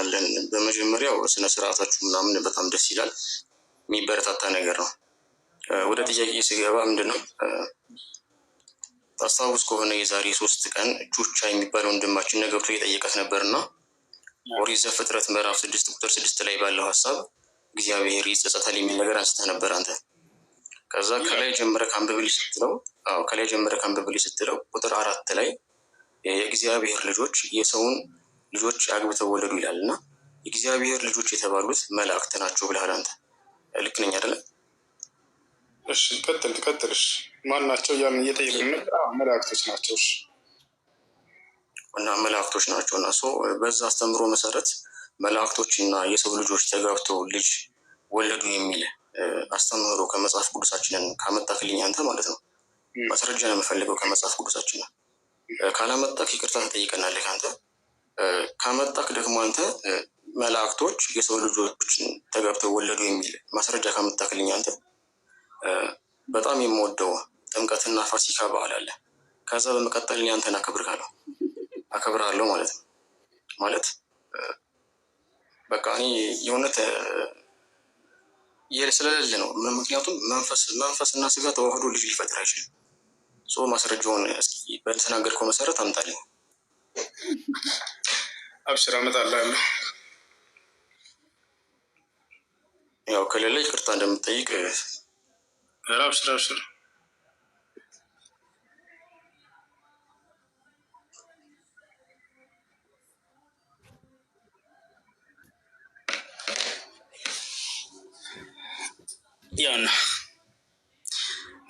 አለን በመጀመሪያው ስነ ስርዓታችሁ ምናምን በጣም ደስ ይላል፣ የሚበረታታ ነገር ነው። ወደ ጥያቄ ስገባ ምንድን ነው አስታውስ ከሆነ የዛሬ ሶስት ቀን ቹቻ የሚባለ ወንድማችን ነገብቶ እየጠየቀት ነበር እና ኦሪት ዘፍጥረት ምዕራፍ ስድስት ቁጥር ስድስት ላይ ባለው ሀሳብ እግዚአብሔር ይጸጸታል የሚል ነገር አንስተህ ነበር አንተ። ከዛ ከላይ ጀምረህ ከአንብብልኝ ስትለው ከላይ ጀምረህ ከአንብብልኝ ስትለው ቁጥር አራት ላይ የእግዚአብሔር ልጆች የሰውን ልጆች አግብተው ወለዱ ይላል እና የእግዚአብሔር ልጆች የተባሉት መላእክት ናቸው ብለሃል አንተ። ልክ ነኝ አይደለ? እሺ ቀጥል ቀጥል። እሺ ማን ናቸው? ያን እየጠየቅን መላእክቶች ናቸው። እሺ እና መላእክቶች ናቸው እና ሶ በዛ አስተምሮ መሰረት መላእክቶች እና የሰው ልጆች ተጋብተው ልጅ ወለዱ የሚል አስተምህሮ ከመጽሐፍ ቅዱሳችንን ካመጣክልኝ አንተ ማለት ነው። ማስረጃ ነው የምፈልገው ከመጽሐፍ ነው። ካላመጣክ ይቅርታ ተጠይቀናል። አንተ ካመጣክ ደግሞ አንተ መላእክቶች የሰው ልጆችን ተገብተው ወለዱ የሚል ማስረጃ ካመጣክልኝ አንተ በጣም የምወደው ጥምቀትና ፋሲካ በዓል አለ። ከዛ በመቀጠል እኔ አንተን አከብርካለሁ አከብርሃለሁ ማለት ነው። ማለት በቃ እኔ የእውነት ስለሌለ ነው። ምክንያቱም መንፈስ መንፈስና ስጋ ተዋህዶ ልጅ ሊፈጥር አይችልም። ሶ ማስረጃውን እስኪ በተናገርከው መሰረት አምጣልኝ። አብሽር አመጣልሃለሁ። ያው ከሌለ ይቅርታ እንደምጠይቅ አብሽር አብሽር። ያው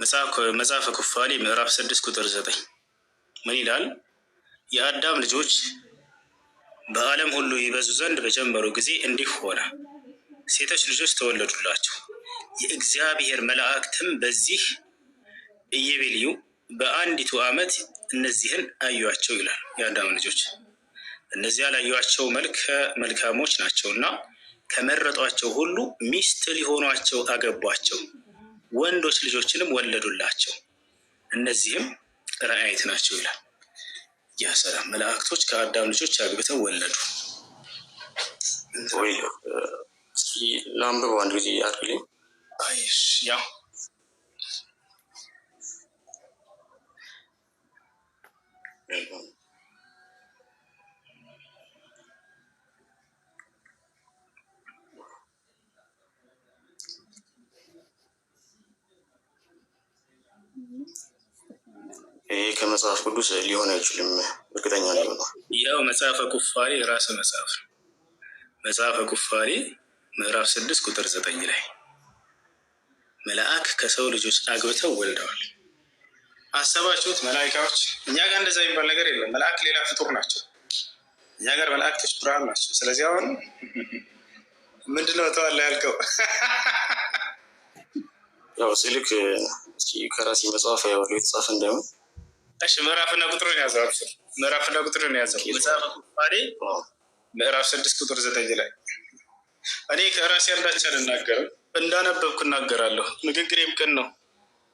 መጽሐፈ ኩፋሌ ምዕራፍ ስድስት ቁጥር ዘጠኝ ምን ይላል? የአዳም ልጆች በዓለም ሁሉ ይበዙ ዘንድ በጀመሩ ጊዜ እንዲህ ሆነ፣ ሴቶች ልጆች ተወለዱላቸው። የእግዚአብሔር መላእክትም በዚህ እየቤልዩ በአንዲቱ ዓመት እነዚህን አዩቸው ይላል። የአዳም ልጆች እነዚያ ላዩአቸው መልከ መልካሞች ናቸውና ከመረጧቸው ሁሉ ሚስት ሊሆኗቸው አገቧቸው። ወንዶች ልጆችንም ወለዱላቸው እነዚህም ራእይት ናቸው ይላል። ሰላም መላእክቶች ከአዳም ልጆች አግብተው ወለዱ። ለአንብበ አንድ ጊዜ አድርግልኝ። ይህ ከመጽሐፍ ቅዱስ ሊሆን አይችልም። እርግጠኛ ነው። ያው መጽሐፈ ኩፋሌ ራስ መጽሐፍ ነው። መጽሐፈ ኩፋሌ ምዕራፍ ስድስት ቁጥር ዘጠኝ ላይ መልአክ ከሰው ልጆች አግብተው ወልደዋል። አሰባችሁት? መላይካዎች እኛ ጋር እንደዛ የሚባል ነገር የለም። መላአክ ሌላ ፍጡር ናቸው። እኛ ጋር መላእክቶች ብርሃን ናቸው። ስለዚህ አሁን ምንድነው ተዋላ ያልከው? ያው ስልክ ከራሴ መጽሐፍ ያው የተጻፈ እንደምን እሺ ምዕራፍና ቁጥሩን ያዘው። አብሽር ምዕራፍና ቁጥሩን ያዘው። መጽሐፈ ቁፋሌ ምዕራፍ ስድስት ቁጥር ዘጠኝ ላይ እኔ ከራሴ አንዳች አልናገርም፣ እንዳነበብኩ እናገራለሁ። ንግግሬም ቅን ነው፣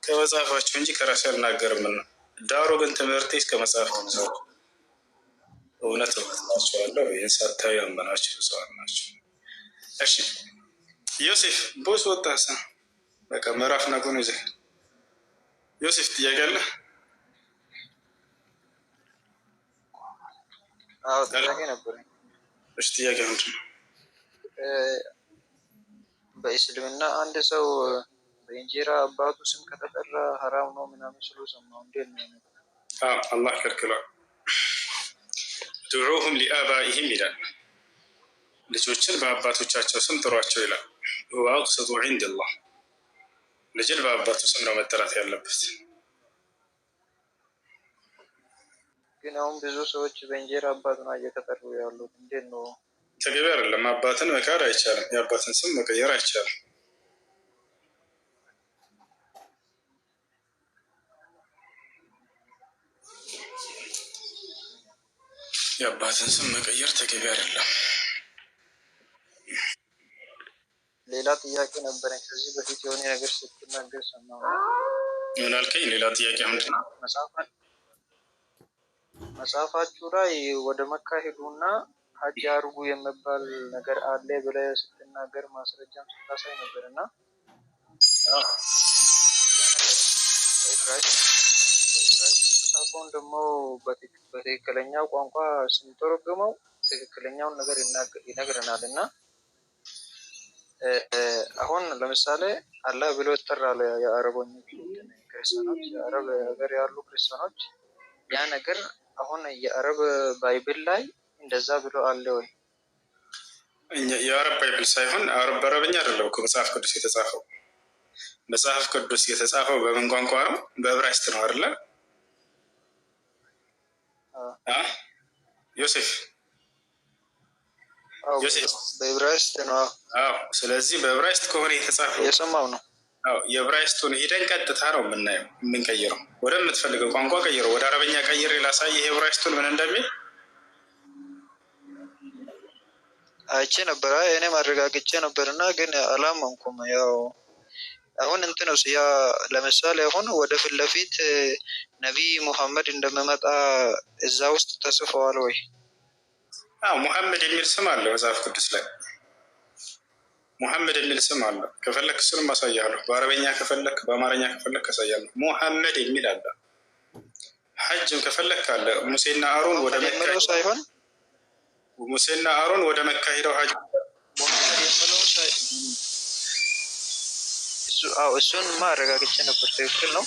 ከመጽሐፋቸው እንጂ ከራሴ አልናገርም አልናገርምና፣ ዳሩ ግን ትምህርቴ እስከ መጽሐፍ ነው እውነት እላችኋለሁ፣ ይህን ሳታዩ ያመናችሁ ብፁዓን ናቸው እሺ ዮሴፍ ቦስ ወጣ በቃ ምዕራፍ ቁጥሩን ይዘ ዮሴፍ ጥያቄ አለህ? አዎ ጥያቄ ነበር። እሺ ጥያቄ ምንድን ነው? በእስልምና አንድ ሰው በእንጀራ አባቱ ስም ከተጠራ ሀራም ነው ምናምን ስሎ ሰማሁ። እንዴት ነው አላህ ከልክሏል። ድዑሁም ሊአባኢህም ይላል። ልጆችን በአባቶቻቸው ስም ጥሯቸው ይላል። ወአቅስጡ ዒንደላህ ልጅን በአባቱ ስም ነው መጠራት ያለበት። ግን አሁን ብዙ ሰዎች በእንጀራ አባት ነው እየተጠሩ ያሉት። እንዴት ነው? ተገቢ አይደለም። አባትን መካድ አይቻልም። የአባትን ስም መቀየር አይቻልም። የአባትን ስም መቀየር ተገቢ አይደለም። ሌላ ጥያቄ ነበረ። ከዚህ በፊት የሆነ ነገር ስትናገር ሰማሁ። ምን አልከኝ? ሌላ ጥያቄ ምንድን ነው? መጽሐፋችሁ ላይ ወደ መካ ሄዱና ሀጅ አድርጉ የሚባል ነገር አለ ብለ ስትናገር ማስረጃም ስታሳይ ነበር እና ጻፈውን ደግሞ በትክክለኛው ቋንቋ ስንተረጉመው ትክክለኛውን ነገር ይነግረናል እና አሁን ለምሳሌ አላህ ብሎ ይጠራል። የአረቦኞች ክርስቲያኖች፣ የአረብ ሀገር ያሉ ክርስቲያኖች ያ ነገር አሁን የአረብ ባይብል ላይ እንደዛ ብሎ አለ ወይ? የአረብ ባይብል ሳይሆን አረብ በአረብኛ አይደለም ከመጽሐፍ ቅዱስ የተጻፈው። መጽሐፍ ቅዱስ የተጻፈው በምን ቋንቋ ነው? በብራይስት ነው አይደለ? ዮሴፍ ዮሴፍ በዕብራይስጥ ነው። ስለዚህ በዕብራይስጥ ከሆነ የተጻፈው የሰማው ነው የብራይስቱን ሄደን ቀጥታ ነው የምናየው የምንቀይረው። ወደምትፈልገው ቋንቋ ቀይረው። ወደ አረበኛ ቀይር ላሳይ። ይሄ ብራይስቱን ምን እንደሚል አይቼ ነበረ። እኔ ማረጋግጬ ነበርና ግን አላመንኩም። ያው አሁን እንትን ውስጥ ያ ለምሳሌ አሁን ወደ ፊት ለፊት ነቢይ ሙሐመድ እንደሚመጣ እዛ ውስጥ ተጽፈዋል ወይ? ሙሐመድ የሚል ስም አለ መጽሐፍ ቅዱስ ላይ ሙሐመድ የሚል ስም አለ። ከፈለክ ስንም አሳያለሁ። በአረበኛ ከፈለክ፣ በአማርኛ ከፈለክ አሳያለሁ። ሙሐመድ የሚል አለ። ሐጅም ከፈለክ አለ። ሙሴና አሮን ወደ መካ ሳይሆን ሙሴና አሮን ወደ መካ ሄደው ሐጅ እሱን ማረጋግጬ ነበር። ትክክል ነው።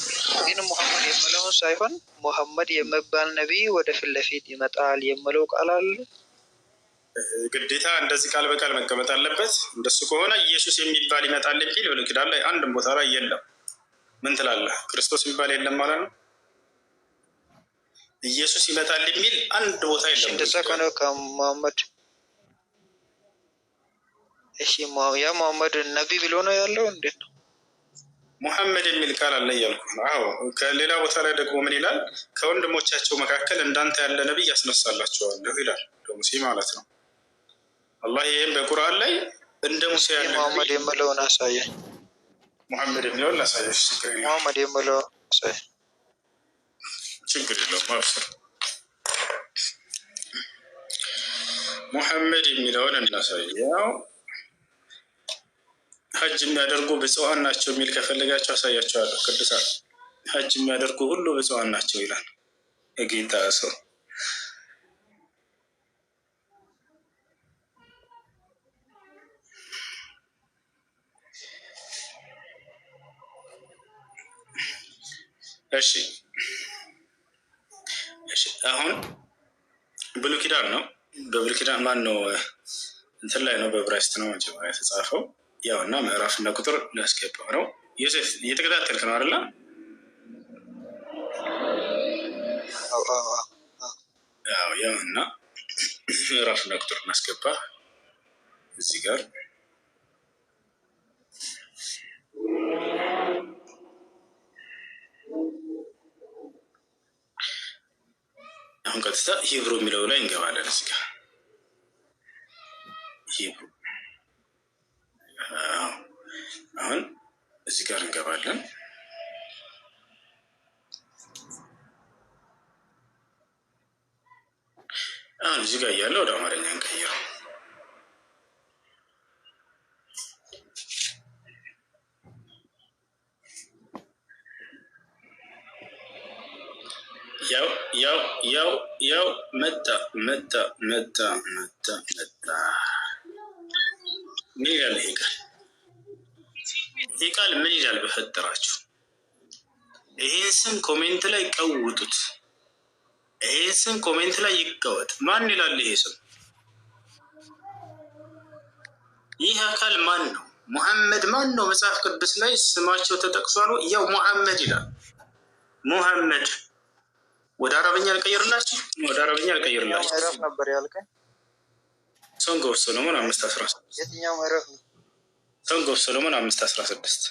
ግን ሙሐመድ የምለውን ሳይሆን ሙሐመድ የመባል ነቢይ ወደ ፊት ለፊት ይመጣል የምለው ቃል አለ ግዴታ እንደዚህ ቃል በቃል መቀመጥ አለበት። እንደሱ ከሆነ ኢየሱስ የሚባል ይመጣል የሚል ብሉይ ኪዳን ላይ አንድም ቦታ ላይ የለም። ምን ትላለህ? ክርስቶስ የሚባል የለም ማለት ነው። ኢየሱስ ይመጣል የሚል አንድ ቦታ የለም። እንደዛ ከሆነ ከሙሐመድ እሺ፣ ያ ሙሐመድ ነቢ ብሎ ነው ያለው። እንዴት ነው ሙሐመድ የሚል ቃል አለ እያልኩ አዎ። ከሌላ ቦታ ላይ ደግሞ ምን ይላል? ከወንድሞቻቸው መካከል እንዳንተ ያለ ነቢይ ያስነሳላቸዋለሁ ይላል። ሙሴ ማለት ነው። አላህ ይህም በቁርአን ላይ እንደ ሙሴ ያለ ሙሐመድ የምለውን አሳየኝ። ሙሐመድ የሚለውን ላሳየሽ። ሙሐመድ የምለውን አሳየኝ። ችግር የለውም አብስር። ሙሐመድ የሚለውን እናሳየው። ሀጅ የሚያደርጉ ብፁዓን ናቸው የሚል ከፈለጋቸው አሳያቸዋለሁ። ቅዱሳን ሀጅ የሚያደርጉ ሁሉ ብፁዓን ናቸው ይላል የጌታ ሰው እሺ እሺ አሁን ብሉይ ኪዳን ነው። በብሉይ ኪዳን ማን ነው? እንትን ላይ ነው፣ በዕብራይስጥ ነው መጀመሪያ የተጻፈው። ያው እና ምዕራፍ እና ቁጥር ላስገባ ነው። ዮሴፍ እየተከታተልክ ነው አይደለ? ያው እና ምዕራፍ እና ቁጥር እናስገባ እዚህ ጋር አሁን ቀጥታ ሂብሩ የሚለው ላይ እንገባለን። እዚህ ጋር ሂብሩ አሁን እዚህ ጋር እንገባለን። አሁን እዚህ ጋር እያለ ወደ አማርኛ እንቀይረው። መጣ መጣ መጣ መጣ መጣ ምን ይላል ይሄ ቃል? ይሄ ቃል ምን ይላል? በፈጠራችሁ ይሄን ስም ኮሜንት ላይ ቀውጡት። ይሄን ስም ኮሜንት ላይ ይቀወጥ። ማን ይላል ይሄ ስም? ይህ አካል ማን ነው? ሙሐመድ ማን ነው? መጽሐፍ ቅዱስ ላይ ስማቸው ተጠቅሷል። ያው ሙሐመድ ይላል ሙሐመድ ወደ አረበኛ አልቀይርላችሁ ወደ አረበኛ አልቀይርላችሁ ምዕራፍ ነበር ያልከኝ። ሰንጎፍ ሶሎሞን አምስት አስራ ስድስት የትኛው ምዕራፍ ነው? ሰንጎፍ ሶሎሞን አምስት አስራ ስድስት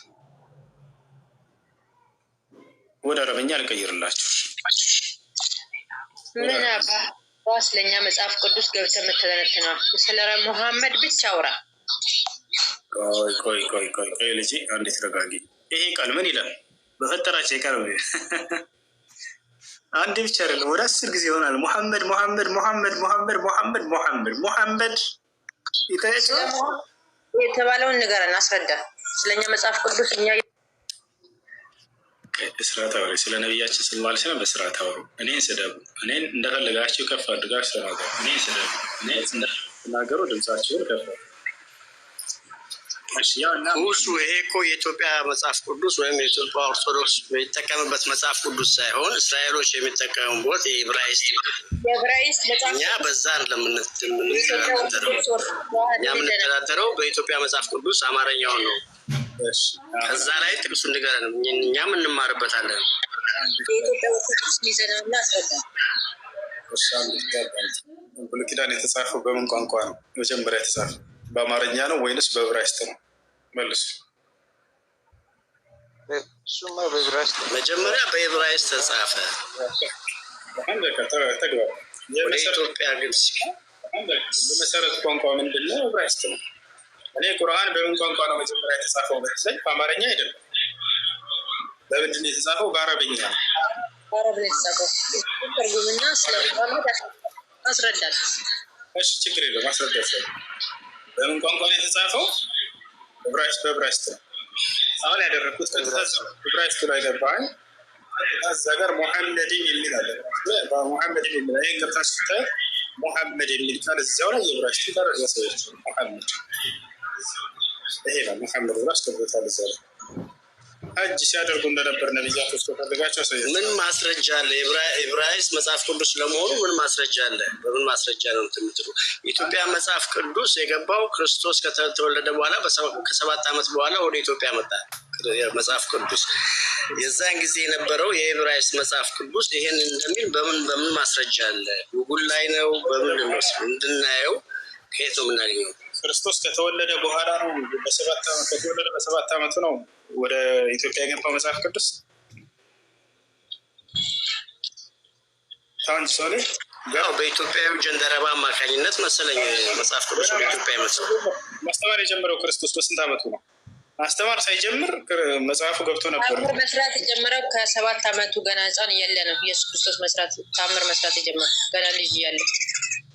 ወደ አረበኛ አልቀይርላችሁ። ምን አባ ስለኛ መጽሐፍ ቅዱስ ገብተህ የምትተነትነው ስለ ሙሐመድ ብቻ አውራ። ቆይ ቆይ ቆይ ቆይ ልጅ አንዴ ተረጋጊ። ይሄ ቃል ምን ይላል? በፈጠራቸው የቃል አንድ ብቻ አይደለም፣ ወደ አስር ጊዜ ይሆናል። ሙሐመድ ሙሐመድ ሙሐመድ ሙሐመድ ሙሐመድ ሙሐመድ ሙሐመድ የተባለውን ነገር እናስረዳ። ስለኛ መጽሐፍ ቅዱስ እኛ በስርዓት አውሪ፣ ስለ ነቢያችን ስለ ማለት ነው። በስርዓት አውሩ። እኔን ስደቡ፣ እኔን እንደፈለጋችሁ ከፍ አድርጋችሁ ተናገሩ። እኔን ስደቡ፣ እኔ እንደናገሩ ድምጻችሁን ከፍ ውሱ ይሄ እኮ የኢትዮጵያ መጽሐፍ ቅዱስ ወይም የኢትዮጵያ ኦርቶዶክስ የሚጠቀምበት መጽሐፍ ቅዱስ ሳይሆን እስራኤሎች የሚጠቀሙበት የዕብራይስጥ እኛ በዛ የምንተዳደረው በኢትዮጵያ መጽሐፍ ቅዱስ አማርኛውን ነው። ከዛ ላይ ጥቅሱ ንገረን፣ እኛም እንማርበታለን። ብሉይ ኪዳን የተጻፈው በምን ቋንቋ ነው? መጀመሪያ የተጻፈው በአማርኛ ነው ወይንስ በዕብራይስጥ ነው? መልሱ። መጀመሪያ በዕብራይስጥ ተጻፈ። ኢትዮጵያ ግን የመሰረት ቋንቋ ምንድን ነው? ዕብራይስጥ ነው። እኔ ቁርአን በምን ቋንቋ ነው መጀመሪያ የተጻፈው? መሰለኝ በአማርኛ አይደለም። በምንድን ነው የተጻፈው? በአረብኛ ነው። በአረብኛ እሺ ችግር የለም አስረዳት በምን ቋንቋ ነው የተጻፈው? ዕብራይስጥ በዕብራይስጥ ነው። አሁን ያደረግኩት ዕብራይስጥ ላይ ገባኝ። እዛ ጋር ሙሐመድ የሚል አለ። ሙሐመድ የሚል ይህ ገብታ ስታይ ሙሐመድ የሚል ቃል እዚያው ላይ የዕብራይስጥ ቃል ያሳያቸው ሙሐመድ ይሄ ነው። ሙሐመድ ብላ አስገብታል እዚያ ላይ ሀጅ ሲያደርጉ እንደነበር ነብያቶች ፈልጋቸው ሰ ምን ማስረጃ አለ? ኤብራይስ መጽሐፍ ቅዱስ ለመሆኑ ምን ማስረጃ አለ? በምን ማስረጃ ነው የምትሉ? ኢትዮጵያ መጽሐፍ ቅዱስ የገባው ክርስቶስ ከተወለደ በኋላ ከሰባት ዓመት በኋላ ወደ ኢትዮጵያ መጣ መጽሐፍ ቅዱስ። የዛን ጊዜ የነበረው የኤብራይስ መጽሐፍ ቅዱስ ይሄን እንደሚል በምን በምን ማስረጃ አለ? ጉጉል ላይ ነው በምን ነው እንድናየው ከየት ነው የምናገኘው? ክርስቶስ ከተወለደ በኋላ ነው። በሰባት ዓመት ከተወለደ በሰባት ዓመቱ ነው ወደ ኢትዮጵያ የገባው መጽሐፍ ቅዱስ ታንድ ሶሪ በኢትዮጵያዊ ጀንደረባ አማካኝነት መሰለኝ መጽሐፍ ቅዱስ በኢትዮጵያ ይመስላል። ማስተማር የጀመረው ክርስቶስ በስንት ዓመቱ ነው? ማስተማር ሳይጀምር መጽሐፉ ገብቶ ነበር። መስራት የጀመረው ከሰባት ዓመቱ ገና ህፃን እያለ ነው። ኢየሱስ ክርስቶስ መስራት ታምር መስራት የጀመረው ገና ልጅ እያለ።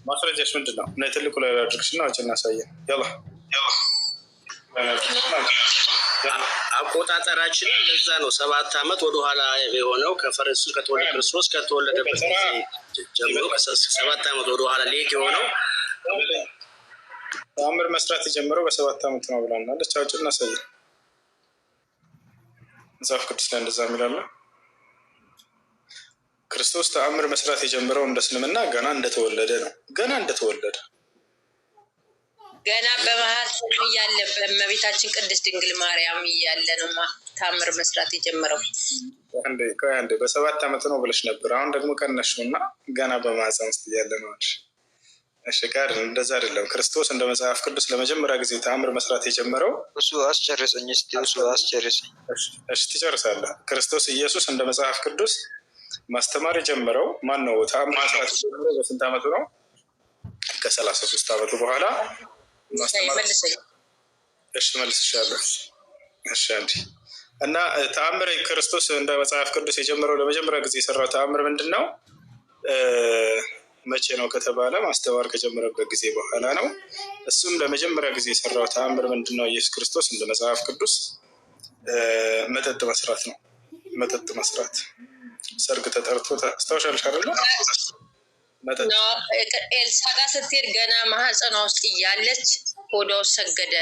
ማስረጃች ምንድን ነው? ትልቁ ላይ አድርግሽና እናሳየ ያላ አቆጣጠራችን ለዛ ነው። ሰባት አመት ወደኋላ የሆነው ከፈረሱ ከተወለደ ክርስቶስ ከተወለደበት ጀምሮ ሰባት አመት ወደኋላ ሌት የሆነው ተአምር መስራት የጀመረው በሰባት አመት ነው ብላለች። አውጭና ሰይ መጽሐፍ ቅዱስ ላይ እንደዛ የሚላለ ክርስቶስ ተአምር መስራት የጀመረው እንደ እስልምና ገና እንደተወለደ ነው። ገና እንደተወለደ ገና በመሀል እያለ በእመቤታችን ቅድስት ድንግል ማርያም እያለ ነው ታምር መስራት የጀመረው። አንዴ በሰባት ዓመት ነው ብለሽ ነበር። አሁን ደግሞ ቀነሹ እና ገና በማህፀን ውስጥ እያለ ነው አልሽ። እሺ ጋር እንደዛ አይደለም። ክርስቶስ እንደ መጽሐፍ ቅዱስ ለመጀመሪያ ጊዜ ተአምር መስራት የጀመረው እሱ አስጨርሰኝ ስ እሱ አስጨርሰኝ። እሺ ትጨርሳለህ። ክርስቶስ ኢየሱስ እንደ መጽሐፍ ቅዱስ ማስተማር የጀመረው ማን ነው? ተአምር መስራት የጀመረው በስንት ዓመቱ ነው? ከሰላሳ ሶስት ዓመቱ በኋላ እሺ እና ተአምር ክርስቶስ እንደ መጽሐፍ ቅዱስ የጀመረው ለመጀመሪያ ጊዜ የሰራው ተአምር ምንድን ነው? መቼ ነው ከተባለ ማስተማር ከጀመረበት ጊዜ በኋላ ነው። እሱም ለመጀመሪያ ጊዜ የሰራው ተአምር ምንድን ነው? ኢየሱስ ክርስቶስ እንደ መጽሐፍ ቅዱስ መጠጥ መስራት ነው። መጠጥ መስራት ሰርግ ተጠርቶ ታስታውሻለሽ አይደለ? ኤልሳ ጋር ስትሄድ ገና ማህፀኗ ውስጥ እያለች ሆዷ ሰገደ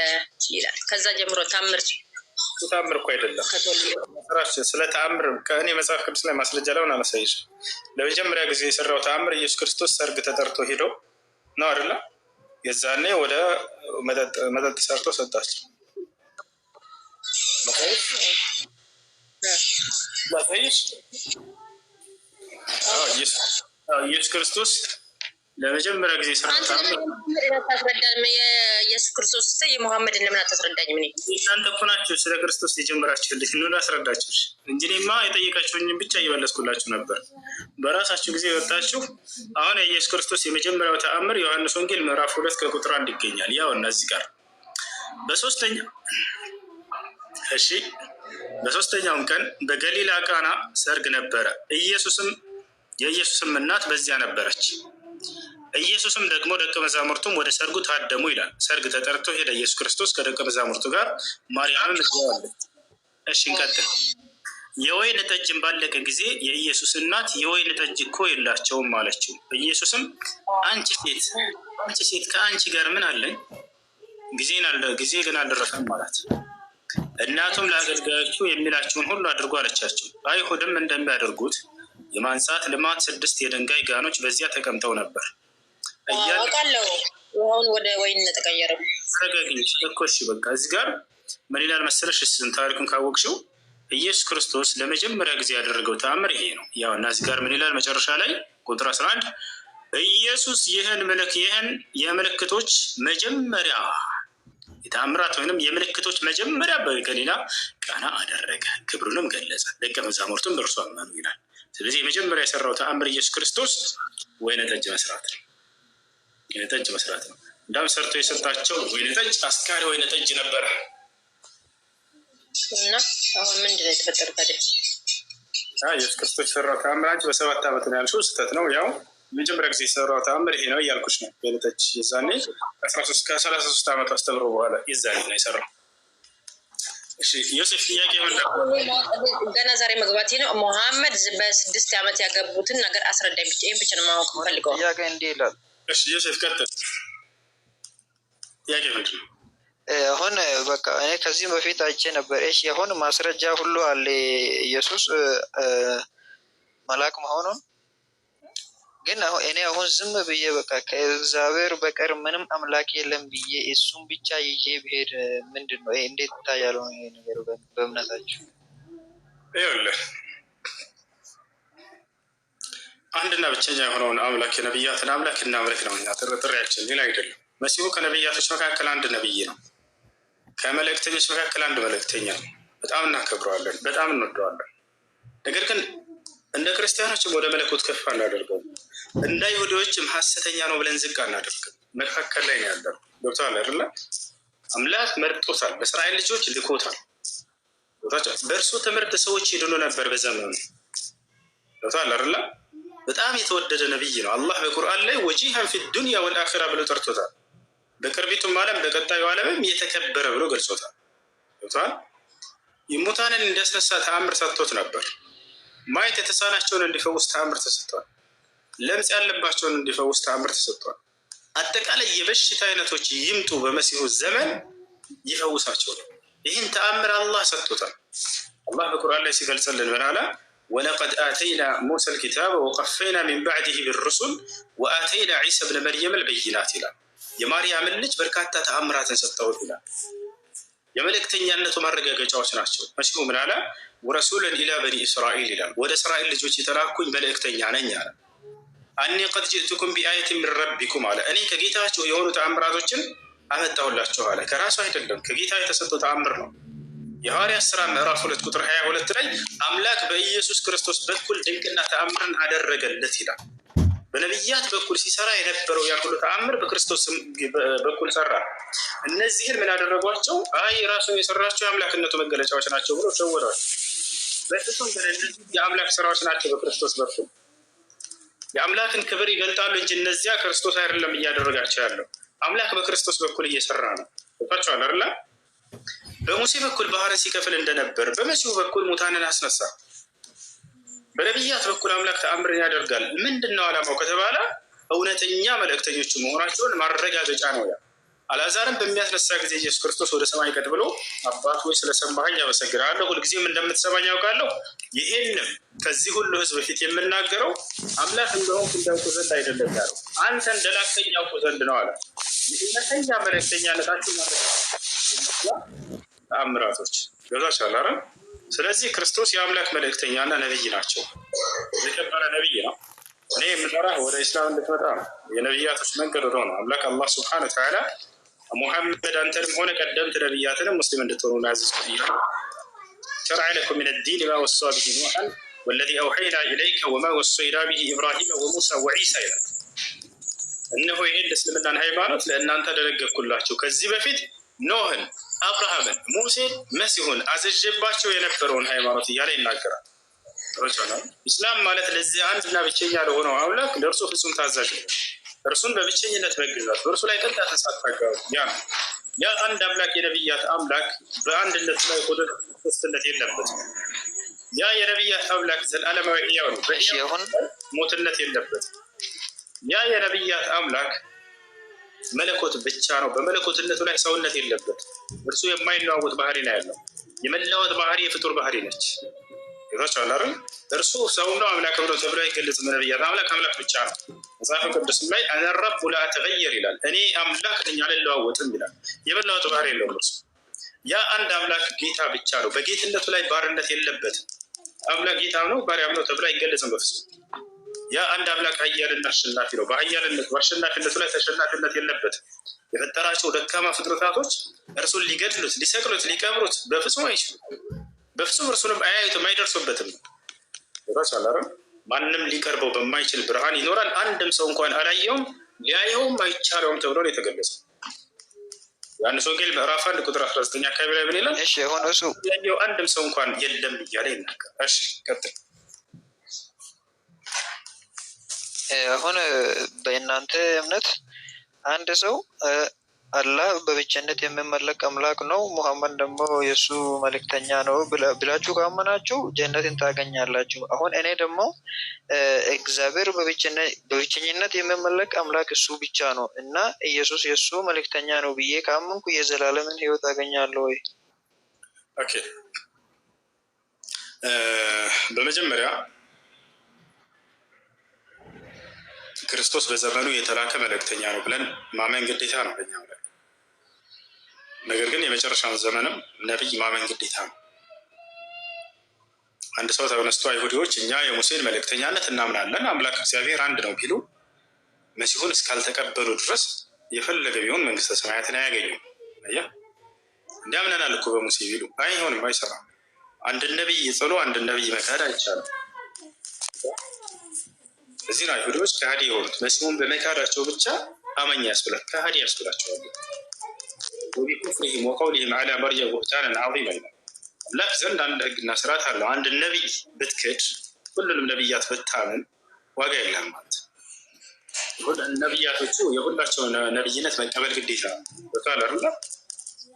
ይላል። ከዛ ጀምሮ ታምር ታምር እኮ አይደለም ስለ ተአምር ከእኔ መጽሐፍ ቅዱስ ላይ ማስረጃ ለምን አላሳይሽ? ለመጀመሪያ ጊዜ የሰራው ተአምር ኢየሱስ ክርስቶስ ሰርግ ተጠርቶ ሄዶ ነው አይደለ? የዛኔ ወደ መጠጥ ሰርቶ ሰጣቸው። ላሳይሽ ኢየሱስ ክርስቶስ ለመጀመሪያ ጊዜ ስራእናት የኢየሱስ ክርስቶስ ስ የመሐመድ ለምን አታስረዳኝ? ምን እናንተ እኮ ናችሁ ስለ ክርስቶስ የጀመራችሁልኝ ምን አስረዳችሁ እንጂ እኔማ የጠየቃችሁኝም ብቻ እየመለስኩላችሁ ነበር። በራሳችሁ ጊዜ ወጣችሁ። አሁን የኢየሱስ ክርስቶስ የመጀመሪያው ተአምር ዮሐንስ ወንጌል ምዕራፍ ሁለት ከቁጥር አንድ ይገኛል። ያው እና እዚህ ጋር በሶስተኛ እሺ፣ በሶስተኛውም ቀን በገሊላ ቃና ሰርግ ነበረ። ኢየሱስም የኢየሱስም እናት በዚያ ነበረች። ኢየሱስም ደግሞ ደቀ መዛሙርቱም ወደ ሰርጉ ታደሙ ይላል። ሰርግ ተጠርቶ ሄደ ኢየሱስ ክርስቶስ ከደቀ መዛሙርቱ ጋር፣ ማርያምም እዚያው አለች። እሺ እንቀጥል። የወይን ጠጅን ባለቀ ጊዜ የኢየሱስ እናት የወይን ጠጅ እኮ የላቸውም አለችው። ኢየሱስም አንቺ ሴት አንቺ ሴት ከአንቺ ጋር ምን አለኝ? ጊዜ ግን አልደረሰም ማለት እናቱም ለአገልጋዮቹ የሚላቸውን ሁሉ አድርጎ አለቻቸው። አይሁድም እንደሚያደርጉት የማንሳት ልማት ስድስት የድንጋይ ጋኖች በዚያ ተቀምጠው ነበር። እያቃለው ውሃውን ወደ ወይን ተቀየረ። ረጋግኝ እኮ እሺ፣ በቃ እዚህ ጋር ምን ይላል መሰለሽ? እሱን ታሪኩን ካወቅሽው ኢየሱስ ክርስቶስ ለመጀመሪያ ጊዜ ያደረገው ተአምር ይሄ ነው። ያው እና እዚህ ጋር ምን ይላል መጨረሻ ላይ ቁጥር አስራ አንድ ኢየሱስ ይህን ምልክ ይህን የምልክቶች መጀመሪያ የተአምራት ወይንም የምልክቶች መጀመሪያ በገሊላ ቃና አደረገ፣ ክብሩንም ገለጸ፣ ደቀ መዛሙርቱም በእርሱ አመኑ ይላል። ስለዚህ የመጀመሪያ የሰራው ተአምር ኢየሱስ ክርስቶስ ወይነ ጠጅ መስራት ነው። ወይነ ጠጅ መስራት ነው። እንዳም ሰርቶ የሰጣቸው ወይነ ጠጅ አስካሪ ወይነ ጠጅ ነበረ እና አሁን ምንድን ነው የተፈጠረ ኢየሱስ ክርስቶስ የሰራው ተአምር አንቺ በሰባት ዓመት ነው ያልሽው ስህተት ነው። ያው የመጀመሪያ ጊዜ የሰራው ተአምር ይሄ ነው እያልኩሽ ነው። ወይነ ጠጅ የዛኔ ከሰላሳ ሶስት ዓመት አስተምሮ በኋላ የዛኔ ነው የሰራው ገና ዛሬ መግባት ነው። ሙሐመድ በስድስት ዓመት ያገቡትን ነገር አስረዳኝ። ብቻ ይህን ብቻ ነው ማወቅ ፈልገው። ጥያቄ እንዲህ ይላል። ዮሴፍ ቀጥል። አሁን በቃ እኔ በፊት አይቼ ነበር። እሺ አሁን ማስረጃ ሁሉ አለ ኢየሱስ መልአክ መሆኑን ግን እኔ አሁን ዝም ብዬ በቃ ከእግዚአብሔር በቀር ምንም አምላክ የለም ብዬ እሱም ብቻ ይዤ ብሄድ ምንድን ነው እንዴት ይታያል? ይሄ ነገር በእምነታችሁ ይኸውልህ አንድና ብቸኛ የሆነውን አምላክ የነብያትን አምላክ እናምልክ ነው እኛ ጥሪያችን፣ ሌላ አይደለም። መሲሁ ከነብያቶች መካከል አንድ ነብይ ነው። ከመልእክተኞች መካከል አንድ መልእክተኛ ነው። በጣም እናከብረዋለን፣ በጣም እንወደዋለን። ነገር ግን እንደ ክርስቲያኖችም ወደ መለኮት ከፍ አናደርገውም? እንደ አይሁዶችም ሀሰተኛ ነው ብለን ዝግ አናደርግም። መካከል ላይ ነው ያለው። ገብቶሃል አይደለ? አምላክ መርጦታል፣ በእስራኤል ልጆች ልኮታል። በእርሱ ትምህርት ሰዎች ይድኑ ነበር በዘመኑ። ገብቶሃል አይደለ? በጣም የተወደደ ነብይ ነው። አላህ በቁርአን ላይ ወጂሃን ፊ ዱንያ ወልአኺራ ብሎ ጠርቶታል። በቅርቢቱም ዓለም በቀጣዩ ዓለምም የተከበረ ብሎ ገልጾታል። ገብቶሃል? የሙታንን እንዲያስነሳ ተአምር ሰጥቶት ነበር። ማየት የተሳናቸውን እንዲፈውስ ተአምር ተሰጥቷል። ለምጽ ያለባቸውን እንዲፈውስ ተአምር ተሰጥቷል። አጠቃላይ የበሽታ አይነቶች ይምጡ በመሲሁ ዘመን ይፈውሳቸው ነው። ይህን ተአምር አላህ ሰጥቶታል። አላህ በቁርአን ላይ ሲገልጸልን ምን አለ? ወለቀድ አተይና ሙሳ ልኪታበ ወቀፈይና ሚን ባዕድህ ብሩሱል ወአተይና ዒሳ ብነ መርየም ልበይናት ይላል። የማርያምን ልጅ በርካታ ተአምራትን ሰጥተውን ይላል። የመልእክተኛነቱ ማረጋገጫዎች ናቸው። መሲሁ ምን አለ? ወረሱለን ኢላ በኒ እስራኤል ይላል። ወደ እስራኤል ልጆች የተላኩኝ መልእክተኛ ነኝ አለ። አኒ ቀድ ጅእቱኩም ቢአየትን ምን ረቢኩም አለ። እኔ ከጌታችሁ የሆኑ ተአምራቶችን አመጣሁላችሁ አለ። ከራሱ አይደለም ከጌታ የተሰጠው ተአምር ነው። የሐዋርያት ሥራ ምዕራፍ ሁለት ቁጥር ሀያ ሁለት ላይ አምላክ በኢየሱስ ክርስቶስ በኩል ድንቅና ተአምርን አደረገለት ይላል። በነቢያት በኩል ሲሰራ የነበረው ያን ሁሉ ተአምር በክርስቶስ በኩል ሰራ። እነዚህን ምን አደረጓቸው? አይ ራሱን የሰራቸው የአምላክነቱ መገለጫዎች ናቸው ብሎ ሸወዷቸው። በፍጹም የአምላክ ስራዎች ናቸው በክርስቶስ በኩል የአምላክን ክብር ይገልጣሉ እንጂ እነዚያ ክርስቶስ አይደለም እያደረጋቸው ያለው። አምላክ በክርስቶስ በኩል እየሰራ ነው። ቷቸዋል አላ በሙሴ በኩል ባህርን ሲከፍል እንደነበር በመሲሁ በኩል ሙታንን አስነሳ። በነቢያት በኩል አምላክ ተአምርን ያደርጋል። ምንድን ነው ከተባለ እውነተኛ መልእክተኞቹ መሆናቸውን ማረጋገጫ ነው ያ አልዓዛርን በሚያስነሳ ጊዜ ኢየሱስ ክርስቶስ ወደ ሰማይ ቀጥ ብሎ አባት ወይ ስለሰማኸኝ አመሰግናለሁ፣ ሁልጊዜም እንደምትሰማኝ ያውቃለሁ፣ ይህንም ከዚህ ሁሉ ሕዝብ ፊት የምናገረው አምላክ እንደሆን እንዳውቁ ዘንድ አይደለም ያለው፣ አንተ እንደላከኝ ያውቁ ዘንድ ነው አለ። ይህነተኛ የእውነተኛ መልእክተኛነታችሁ አምራቶች ገብቷችኋል አይደል? ስለዚህ ክርስቶስ የአምላክ መልእክተኛና ነቢይ ናቸው። የከበረ ነቢይ ነው። እኔ የምጠራህ ወደ እስላም እንድትመጣ ነው። የነቢያቶች መንገድ ወደሆነ አምላክ አላህ ስብሐነ ወተዓላ ሙሐመድ አንተንም ሆነ ቀደምት ነቢያትንም ሙስሊም እንድትሆኑ ላዘዝኩ እያ شرع لكم من الدين ما وصى به نوحا والذي أوحينا إليك وما وصينا به إبراهيم وموسى وعيسى إلى እነሆ ይሄን ለእስልምናን ሃይማኖት ለእናንተ ደነገግኩላችሁ። ከዚህ በፊት ኖህን፣ አብርሃምን፣ ሙሴን፣ መሲሁን አዘጀባቸው የነበረውን ሃይማኖት እያለ ይናገራል። ኢስላም ማለት ለዚህ አንድና ብቸኛ ለሆነው አምላክ ለእርሱ ፍጹም ታዛዥ ነው። እርሱን በብቸኝነት መግዛት፣ በእርሱ ላይ ጥልቅ ተሳታጋሩ ያ ያ አንድ አምላክ የነብያት አምላክ በአንድነት ላይ ቁጥር ሶስትነት የለበትም። ያ የነብያት አምላክ ዘላለማዊ ሕያው ነው፣ በሕያው ሞትነት የለበትም። ያ የነብያት አምላክ መለኮት ብቻ ነው። በመለኮትነቱ ላይ ሰውነት የለበት። እርሱ የማይለዋወጥ ባህሪ ነው ያለው። የመለወጥ ባህሪ የፍጡር ባህሪ ነች። ይዟቸዋል አይደል? እርሱ ሰው ነው አምላክ ብሎ ተብሎ አይገለጽም። ነብያት አምላክ አምላክ ብቻ ነው። መጽሐፍ ቅዱስም ላይ አነ ረቡ ላ ተገየር ይላል። እኔ አምላክ ነኝ አልለዋወጥም ይላል። የመለወጥ ባህር የለውም። እርሱ ያ አንድ አምላክ ጌታ ብቻ ነው። በጌትነቱ ላይ ባርነት የለበትም። አምላክ ጌታ ነው፣ ባሪያም ነው ተብሎ አይገለጽም በፍጹም። ያ አንድ አምላክ ኃያልና አሸናፊ ነው። በኃያልነቱ በአሸናፊነቱ ላይ ተሸናፊነት የለበትም። የፈጠራቸው ደካማ ፍጥረታቶች እርሱን ሊገድሉት፣ ሊሰቅሉት፣ ሊቀብሩት በፍጹም አይችሉም። በፍጹም እርሱንም አያዩትም አይደርሱበትም። ማንም ሊቀርበው በማይችል ብርሃን ይኖራል፣ አንድም ሰው እንኳን አላየውም ሊያየውም አይቻለውም ተብሎ ነው የተገለጸው። ዮሐንስ ወንጌል ምዕራፍ አንድ ቁጥር አስራ ዘጠኝ አካባቢ ላይ ምን ይላል? እሺ የሆነ እሱ ያየው አንድም ሰው እንኳን የለም እያለ ይናገራል። እሺ ቀጥል። አሁን በእናንተ እምነት አንድ ሰው አላህ በብቸነት የሚመለክ አምላክ ነው፣ ሙሐመድ ደግሞ የእሱ መልእክተኛ ነው ብላችሁ ካመናችሁ ጀነትን ታገኛላችሁ። አሁን እኔ ደግሞ እግዚአብሔር በብቸኝነት የሚመለክ አምላክ እሱ ብቻ ነው እና ኢየሱስ የእሱ መልእክተኛ ነው ብዬ ካመንኩ የዘላለምን ህይወት አገኛለሁ ወይ? ኦኬ፣ በመጀመሪያ ክርስቶስ በዘመኑ የተላከ መልእክተኛ ነው ብለን ማመን ግዴታ ነው። ነገር ግን የመጨረሻውን ዘመንም ነቢይ ማመን ግዴታ ነው። አንድ ሰው ተነስቶ አይሁዲዎች እኛ የሙሴን መልእክተኛነት እናምናለን አምላክ እግዚአብሔር አንድ ነው ቢሉ መሲሁን እስካልተቀበሉ ድረስ የፈለገ ቢሆን መንግስተ ሰማያትን አያገኙም። አያ እንዲያምነናል እኮ በሙሴ ቢሉ አይሆንም፣ አይሰራም። አንድ ነቢይ ጥሎ አንድ ነቢይ መካድ አይቻልም። እዚህ ነው አይሁዲዎች ከሃዲ የሆኑት መሲሁን በመካዳቸው ብቻ አመኛ ያስብላል ከሃዲ ያስብላቸዋል። بكفرهم وقولهم على مريم بهتانا عظيما لابس عندنا نشرات الله عند النبي بتكت كل النبيات بتامن وغير مات يقول النبيات بتو يقول لك شو نبينا ما قبل قديسا وقال الله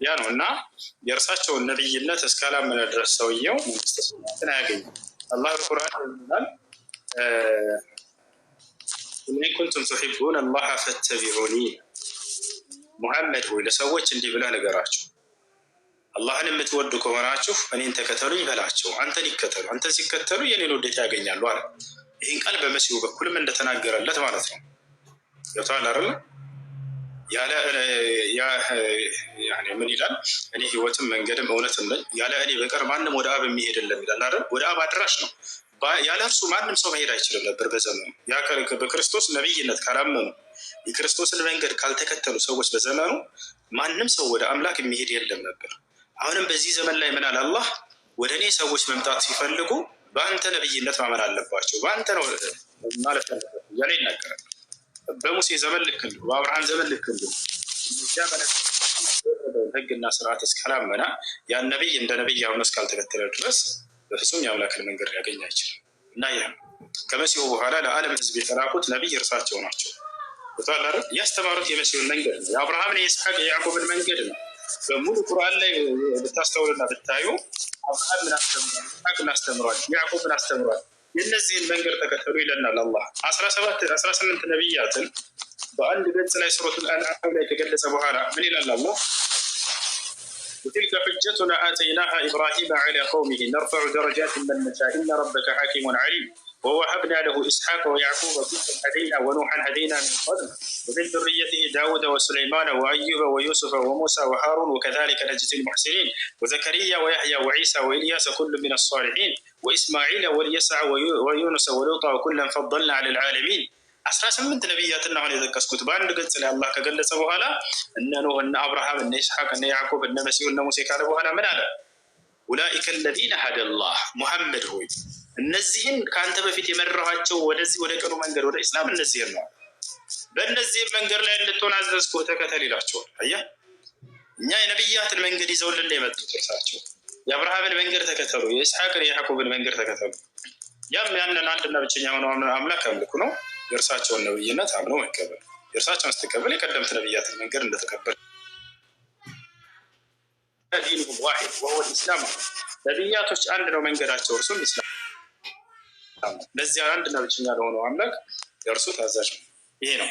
يعني هنا يرسل شو نبينا تسكالا من الدرس سويا ومستسلمين الله القرآن يقول إن كنتم تحبون الله فاتبعوني ሙሐመድ ሆይ ለሰዎች እንዲህ ብለህ ንገራችሁ፣ አላህን የምትወዱ ከሆናችሁ እኔን ተከተሉኝ በላቸው። አንተን ይከተሉ፣ አንተን ሲከተሉ የኔን ውዴታ ያገኛሉ አለ። ይህን ቃል በመሲሁ በኩልም እንደተናገረለት ማለት ነው። ገብተዋል አይደለ? ምን ይላል? እኔ ህይወትም መንገድም እውነትም ነኝ፣ ያለ እኔ በቀር ማንም ወደ አብ የሚሄድለም ይላል አይደል? ወደ አብ አድራሽ ነው። ያለ እርሱ ማንም ሰው መሄድ አይችልም ነበር በዘመኑ። በክርስቶስ ነቢይነት ካላመኑ የክርስቶስን መንገድ ካልተከተሉ ሰዎች በዘመኑ ማንም ሰው ወደ አምላክ የሚሄድ የለም ነበር። አሁንም በዚህ ዘመን ላይ ምናል አላህ ወደ እኔ ሰዎች መምጣት ሲፈልጉ በአንተ ነብይነት ማመን አለባቸው፣ በአንተ ነው ማለት እያለ ይናገራል። በሙሴ ዘመን ልክ እንዲሁ፣ በአብርሃም ዘመን ልክ እንዲሁ ህግና ስርዓት እስካላመና ያን ነቢይ እንደ ነቢይ አምኖ እስካልተከተለ ድረስ በፍጹም የአምላክን መንገድ ሊያገኝ አይችልም እና ያ ከመሲሁ በኋላ ለዓለም ህዝብ የተላኩት ነቢይ እርሳቸው ናቸው። ያስተማሩት የመሲሁን መንገድ ነው። የአብርሃምን የይስሐቅ የያዕቆብን መንገድ ነው። በሙሉ ቁርአን ላይ ብታስተውልና ብታዩ አብርሃም ምን አስተምሯል? ይስሐቅ ምን አስተምሯል? ያዕቆብ ምን አስተምሯል? የእነዚህን መንገድ ተከተሉ ይለናል አላህ። አስራ ስምንት ነቢያትን በአንድ ገጽ ላይ ሱረቱል አንዓም ላይ ከገለጸ በኋላ ምን ይላል አላህ? وتلك حجتنا آتيناها إبراهيم على قومه نرفع درجات من نشاء إن ربك حكيم عليم ووهبنا له إسحاق ويعقوب كلا هدينا ونوحا هدينا من قبل ومن ذريته داود وسليمان وأيوب ويوسف وموسى وهارون وكذلك نجزي المحسنين وزكريا ويحيى وعيسى وإلياس كل من الصالحين وإسماعيل واليسع ويونس ولوطا وكلا فضلنا على العالمين አስራ ስምንት ነቢያትን አሁን የጠቀስኩት በአንድ ገጽ ላይ አላህ ከገለጸ ان نوح ان እነ ان اسحاق ان يعقوب ان مسيح ان موسى كان ابو هلا من هذا؟ ኡላኢከ ለዚነ ሀደላህ ሙሐመድ ሆይ እነዚህን ከአንተ በፊት የመራኋቸው ወደዚህ ወደ ቀኑ መንገድ ወደ ኢስላም እነዚህን ነው። በእነዚህም መንገድ ላይ እንድትሆን አዘዝኩ፣ ተከተል ይላቸዋል። አያ እኛ የነቢያትን መንገድ ይዘውልን የመጡት እርሳቸው የአብርሃምን መንገድ ተከተሉ፣ የኢስሐቅን የያዕቆብን መንገድ ተከተሉ። ያም ያንን አንድና ብቸኛ የሆነ አምላክ አምልኩ ነው። የእርሳቸውን ነብይነት አምኖ መቀበል የእርሳቸውን ስትቀበል የቀደምት ነብያትን መንገድ እንደተቀበል ዲንሁም ዋሂድ ወሁወ ኢስላም። ነቢያቶች አንድ ነው መንገዳቸው፣ እርሱም ኢስላም። ለዚያ አንድና ብቸኛ ለሆነው አምላክ የእርሱ ታዛዥ ነው። ይሄ ነው